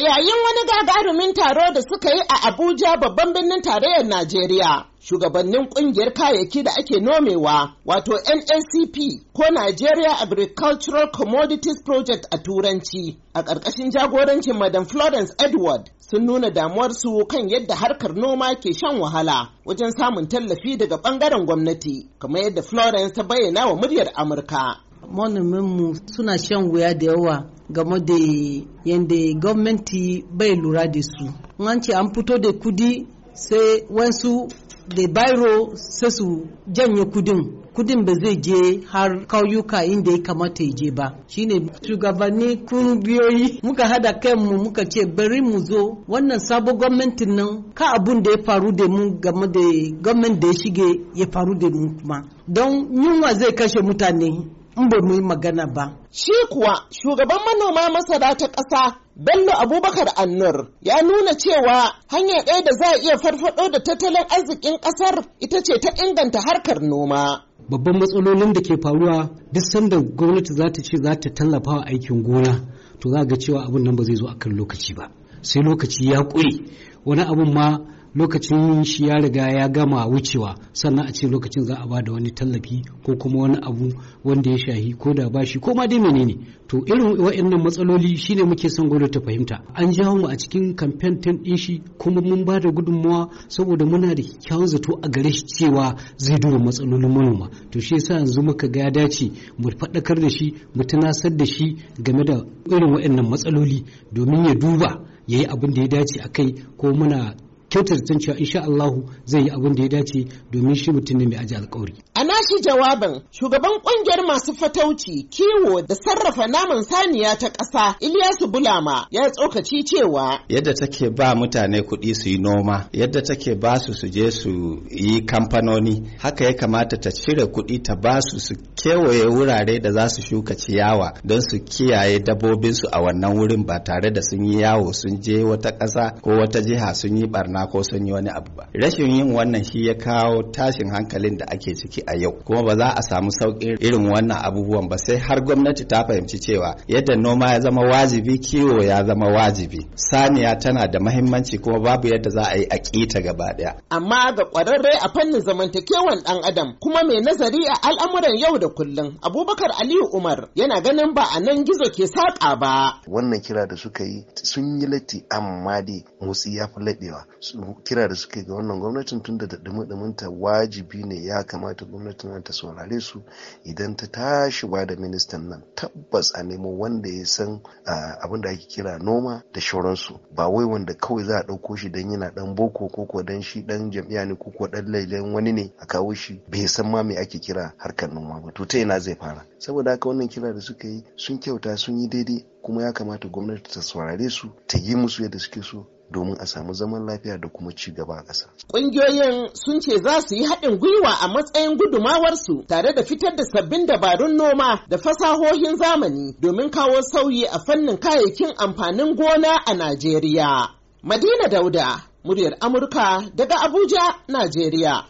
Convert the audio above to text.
yayin wani gagarumin taro da suka yi a Abuja babban birnin tarayyar Najeriya, shugabannin kungiyar kayayyaki da ake nomewa wato NNCP ko Nigeria Agricultural Commodities Project a turanci a ƙarƙashin jagorancin Madam Florence Edward sun nuna damuwar su kan yadda harkar noma ke shan wahala wajen samun tallafi daga ɓangaren gwamnati kamar yadda Florence ta bayyana wa muryar Amurka. mu suna shan wuya da yawa game da yadda gwamnati bai lura da su an ce an fito da kudi sai wasu da bairo sai su janye kudin kudin ba zai je har kauyuka inda ya kamata ya je ba shine shugabanni kungiyoyi muka hada kanmu muka ce bari mu zo wannan sabon gwamnatin nan ka abun da ya faru da mu game da gwamnati da ya shige ya faru da mu kuma don yunwa zai kashe mutane in ba mu yi magana ba. Shi kuwa shugaban manoma masara ta ƙasa Bello Abubakar Annur ya nuna cewa hanya ɗaya da za a iya farfaɗo da tattalin arzikin ƙasar ita ce ta inganta harkar noma. Babban matsalolin da ke faruwa duk sanda gwamnati za ta ce za ta tallafa wa aikin gona to za ga cewa abun nan ba zai zo a kan lokaci ba. Sai lokaci ya ƙure wani abun ma lokacin shi ya riga ya gama wucewa sannan a ce lokacin za a ba da wani tallafi ko kuma wani abu wanda ya shahi ko da bashi ko ma dai menene to irin wa'annan matsaloli shine muke son gwamnati ta fahimta an jawo mu a cikin kamfen din din shi kuma mun ba da gudunmawa saboda muna da kyawun zato a gare shi cewa zai duba matsalolin manoma to shi yasa yanzu muka ga ya dace mu faɗakar da shi mu tunasar da shi game da irin wa'annan matsaloli domin ya duba ya yi abin da ya dace a kai ko muna kyautata cewa insha Allah zai yi abin da ya dace domin shi mutum ne mai aji alkawari. A nashi jawabin shugaban ƙungiyar masu fatauci kiwo da sarrafa naman saniya ta ƙasa Ilyasu Bulama ya tsokaci cewa yadda take ba mutane kuɗi su yi noma yadda take ba su su je su yi kamfanoni haka ya kamata ta cire kuɗi ta ba su su kewaye wurare da za su shuka ciyawa don su kiyaye dabobinsu a wannan wurin ba tare da sun yi yawo sun je wata ƙasa ko wata jiha sun yi barna ma ko sun yi wani abu ba rashin yin wannan shi ya kawo tashin hankalin da ake ciki a yau kuma ba za a samu sauƙin irin wannan abubuwan ba sai har gwamnati ta fahimci cewa yadda noma ya zama wajibi kiwo ya zama wajibi saniya tana da mahimmanci kuma babu yadda za a yi a ƙita gaba ɗaya amma ga ƙwararre a fannin zamantakewan ɗan adam kuma mai nazari a al'amuran yau da kullum abubakar aliyu umar yana ganin ba a nan gizo ke saƙa ba wannan kira da suka yi sun yi latti amma dai motsi ya fi laɗewa kira da suka ga wannan gwamnatin tunda da ta wajibi ne ya kamata gwamnatin nan ta saurare su idan ta tashi ba da ministan nan tabbas a nemo wanda ya san abin da ake kira noma da shauransu ba wai wanda kawai za a ɗauko shi don yana ɗan boko ko ko dan shi ɗan jam'iyya ne ko ko ɗan lailan wani ne a kawo shi bai san ma me ake kira harkar noma ba to ta ina zai fara saboda haka wannan kira da suka yi sun kyauta sun yi daidai kuma ya kamata gwamnati ta saurare su ta yi musu yadda suke so domin a samu zaman lafiya da kuma ci gaba a ƙasa. Ƙungiyoyin sun ce za su yi haɗin gwiwa a matsayin gudumawarsu tare da fitar da sabbin dabarun noma da fasahohin zamani domin kawo sauyi a fannin kayayyakin amfanin gona a Najeriya. Madina Dauda, muryar Amurka daga Abuja, Najeriya.